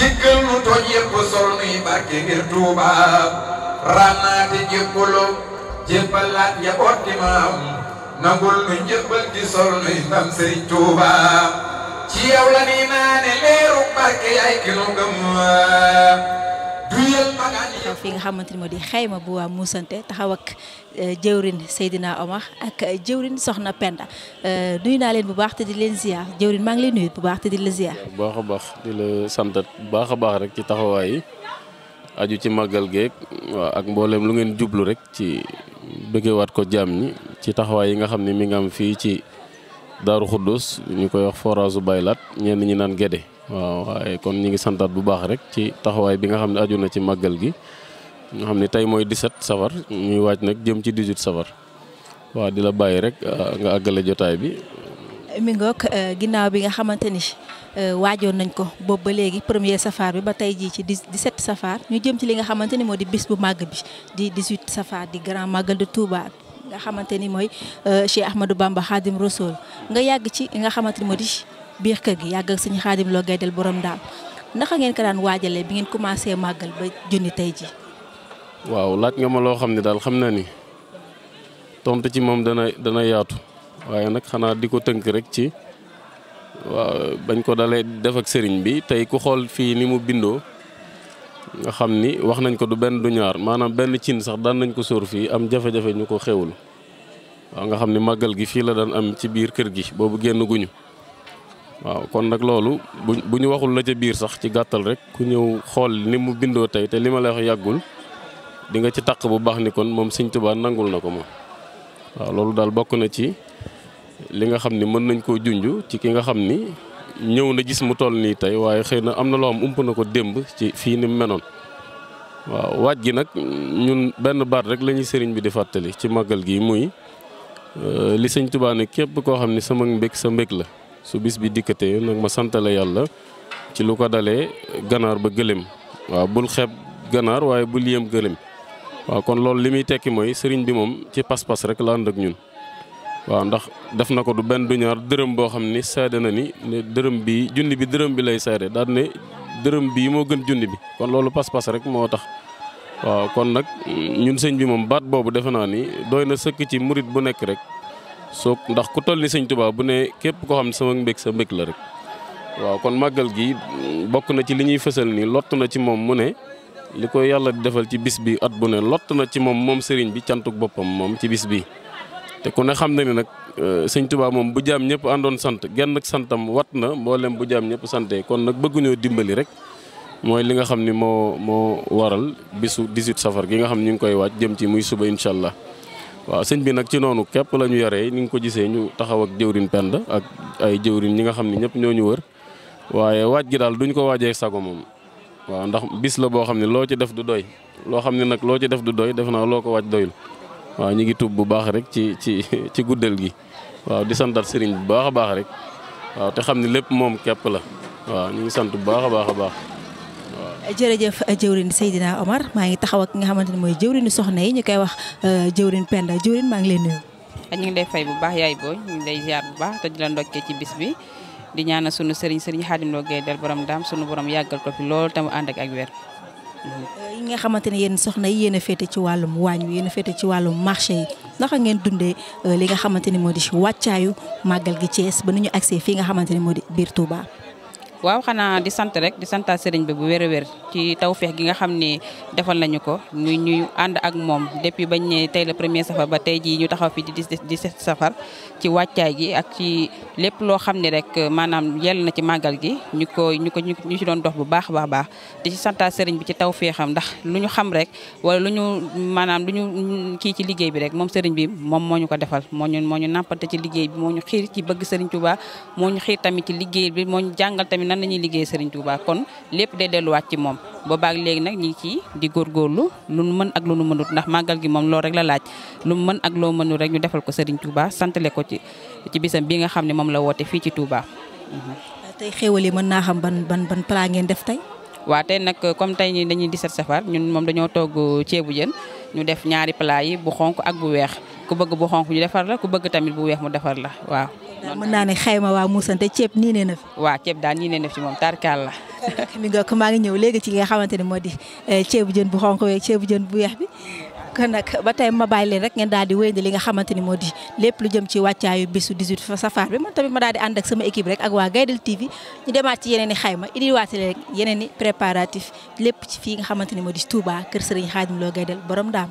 jéggal nu tooñ yépp sol nuy barke ngir Tuuba rànnaate jébbulu jébbalaat njaboot di maam nangul nu njëbbal di sol nuy ndam Sëriñ Tuuba ci yow la ni naane leeru barke yaay ki nu gëm duyal magan taxaw fi nga xamanteni ni moo di xayma bu wa musante taxaw ak eh, jeewrin sayidina Omar ak eh, jeewrin Soxna Penda eh, nuyu naa len bu baax te di len ziar jeewrin ma ngi len nuy bu baax te di la ziar. bu baax di la sant bu baax baax rek ci taxaway aju ci magal geek waaw ak mbollem lu ngeen djublu rek ci wat ko jaam ñi ci taxaway yi nga xamni mi nga am fi ci daru ñu koy wax forage baylat ñen ñi naan Gédé. waaw kon ñi ngi santat bu baax rek ci taxaway bi nga xamni aju na ci magal gi nga xam ne tey mooy 17 safar ñuy waaj nag jëm ci 18 safar waaw di la bàyyi rek euh, nga àggale bi. mi ngoog euh, ginnaaw bi nga xamante ni euh, waajoon nañ ko boobu ba léegi premier safar bi ba tey jii ci 17 safar ñu jëm ci li nga xamante ni moo di bis bu màgg bi di 18 safar di grand magal de Touba nga xamante ni mooy Cheikh Ahmadou Bamba Khadim Rassoul nga yàgg ci nga xamante ni moo di biir kër gi yàgg ak suñu Khadim Lo Gaydel borom daal naka ngeen ko daan waajalee bi ngeen commencé màggal ba junni tey ji Wow, lat nga ma loo xam ne daal xam ni tomte ci moom dana dana yaatu waaye nag xanaa di ko tënk rek ci waaw bañ ko dalee def ak sëriñ bi tey ku xool fii ni mu bindoo nga xam ni wax nañ ko du benn du ñaar maanaam benn cin sax daan nañ ko sóor fii am jafe-jafe ñu ko xewul waaw nga xam ni gi fii la daan am ci biir kër gi boobu génn guñu waaw kon nag loolu bu bu ñu waxul la ca biir sax ci gàttal rek ku ñëw xool ni mu bindoo tey te li lay wax yàggul di nga ci taq bu baax ni kon moom sëñ Tuubaa nangul na ko moom waaw loolu daal bokk na ci li nga xam ni mën nañ koo junj ci ki nga xam ni ñëw na gis mu toll nii tey waaye xëy na am na loo am ump na ko démb ci fii ni menoon waaw waaj gi nag ñun benn baat rek lañuy ñuy sëriñ bi di fàttali ci màggal gi muy euh, li sëñ Tuubaa ne képp koo xam ni sama mbég sa mbég la su bis bi dikkatee nag ma santale yàlla ci lu ko dalee ganaar ba gëléem waaw bul xeeb ganaar waaye bul yéem gëléem waaw kon loolu li muy tekki mooy sëriñ bi moom ci pas-pas rek la ànd ak ñun waaw ndax def na ko du benn du ñaar dërëm boo xam ni seede na ni dërëm bii junni bi dërëm bi lay seede daal ne dërëm bii moo gën junni bi kon loolu pas-pas rek moo tax waaw kon nag mm, ñun sëñ bi moom baat boobu defe naa ni doy na sëkk ci murit bu nekk rek soo ndax ku toll ni sëñ Tuubaa bu ne képp koo xam ne sama mbég sa mbég la rek waaw kon màggal gi mm, bokk na ci li ñuy fësal ni lott na ci moom mu ne li ko yàlla di defal ci bis bi at bu ne lott na ci moom moom sëriñ bi cantuk boppam moom ci bis bi. te ku ne xam na ni nag euh, sëñ tubaab moom bu jaam ñëpp andoon sant genn ak santam wat na mboolem bu jaam ñëpp sante kon nag bëgguñoo dimbali rek mooy li nga xam ni moo moo waral bisu 18 safar gi nga xam ñu ngi koy waaj jëm ci muy suba incha allah. waaw sëñ bi nag ci noonu képp la ñu yoree ni nga ko gisee ñu taxaw ak jëwrin pend ak ay jëwrin ñi nga xam ne ñëpp ñoo ñu wër waaye waaj gi ko waajee sago moom waaw ndax bis la boo xam ne loo ci def du doy loo xam ne nag loo ci def du doy def naa loo ko wàcc doyul waaw ñu ngi tuub bu baax rek ci ci ci guddal gi waaw di santat sëriñ bu baax a baax rek waaw te xam ne lépp moom képp la waaw ñu ngi sant bu baax a baax a baax. jërëjëf jëwrin Seydina Omar maa ngi taxaw ak ki nga xamante ne mooy jëwrinu soxna yi ñu koy wax euh, jëwrin Penda jëwrin maa ngi lay nuyu. ñu ngi lay fay bu baax yaay booy ñu ngi lay ziar bu baax te di la ndokkee ci bi. di ñaanal sunu sëriñ sëriñ Xaadim Lo Gaydel borom daam sunu borom yàggal ko fi lool tam ànd ak ak weer. Euh, yi nga xamante ne yéen soxna yi yéen féete ci wàllum waañ wi yéen a féete ci wàllum marché yi naka ngeen dundee euh, li nga xamante ne moo di si wàccaayu màggal gi Thiès ba nu ñu agsee fii nga xamante ne moo di biir Touba. waaw xanaa di sant rek di santal sëriñ bi bu wér a wér ci tawfeex gi nga xam ne defal nañu ko ñu ñuy ànd ak moom depuis bañ ne tey la premier safar ba tey jii ñu taxaw fi di di safar ci wàccaay gi ak ci lépp loo xam ne rek maanaam yell na ci màggal gi ñu ko ñu ko ñu ci doon dox bu baax baax baax di ci santal sëriñ bi ci tawfeexam ndax lu ñu xam rek wala lu ñu maanaam lu ñu kii ci liggéey bi rek moom sëriñ bi moom moo ñu ko defal moo ñu moo ñu nàmpante ci liggéey bi moo ñu xiir ci bëgg sëriñ Tuubaa moo ñu xiir tamit ci liggéey bi moo ñu jàngal tamit nan la ñuy liggéey Serigne Touba kon lépp day delluwaat ci moom boobaak léegi nag ñu ngi ci di góorgóorlu lu nu mën ak lu nu mënut ndax màggal gi moom loolu rek la laaj lu mu mën ak loo mënut rek ñu defal ko Serigne Touba santale ko ci ci bisam bi nga xam ne moom la woote fii ci Touba. Mhm. tey xéwal mën naa xam ban ban ban plat ngeen def tey. waaw tey nag comme tey ñi dañuy 17 safar ñun moom dañoo togg ceebu jën ñu def ñaari palaa yi bu xonk ak bu weex ku bëgg bu xonk ñu defar la ku bëgg tamit bu weex mu defar la waaw. naa ne xayma waa muusante ceeb nii nee na fi. waaw ceeb daal nii nee na fi moom tarkaal la. mi ne moo di eh, ceebu jën bu xonk weeg bu weex bi. kon nag ba tey ma bàyyi leen rek ngeen daal di wéyandi li nga xamante ni moo di lépp lu jëm ci wàccaayu bisu 18 safar bi man tamit ma daal di ànd ak sama équipe rek ak waa Gaydel TV ñu demaat ci yeneen i xayma indiwaate rek yeneen i préparatif lépp ci fii nga xamante ni moo di Touba kër Serigne Khadim Lo Gaydel borom daam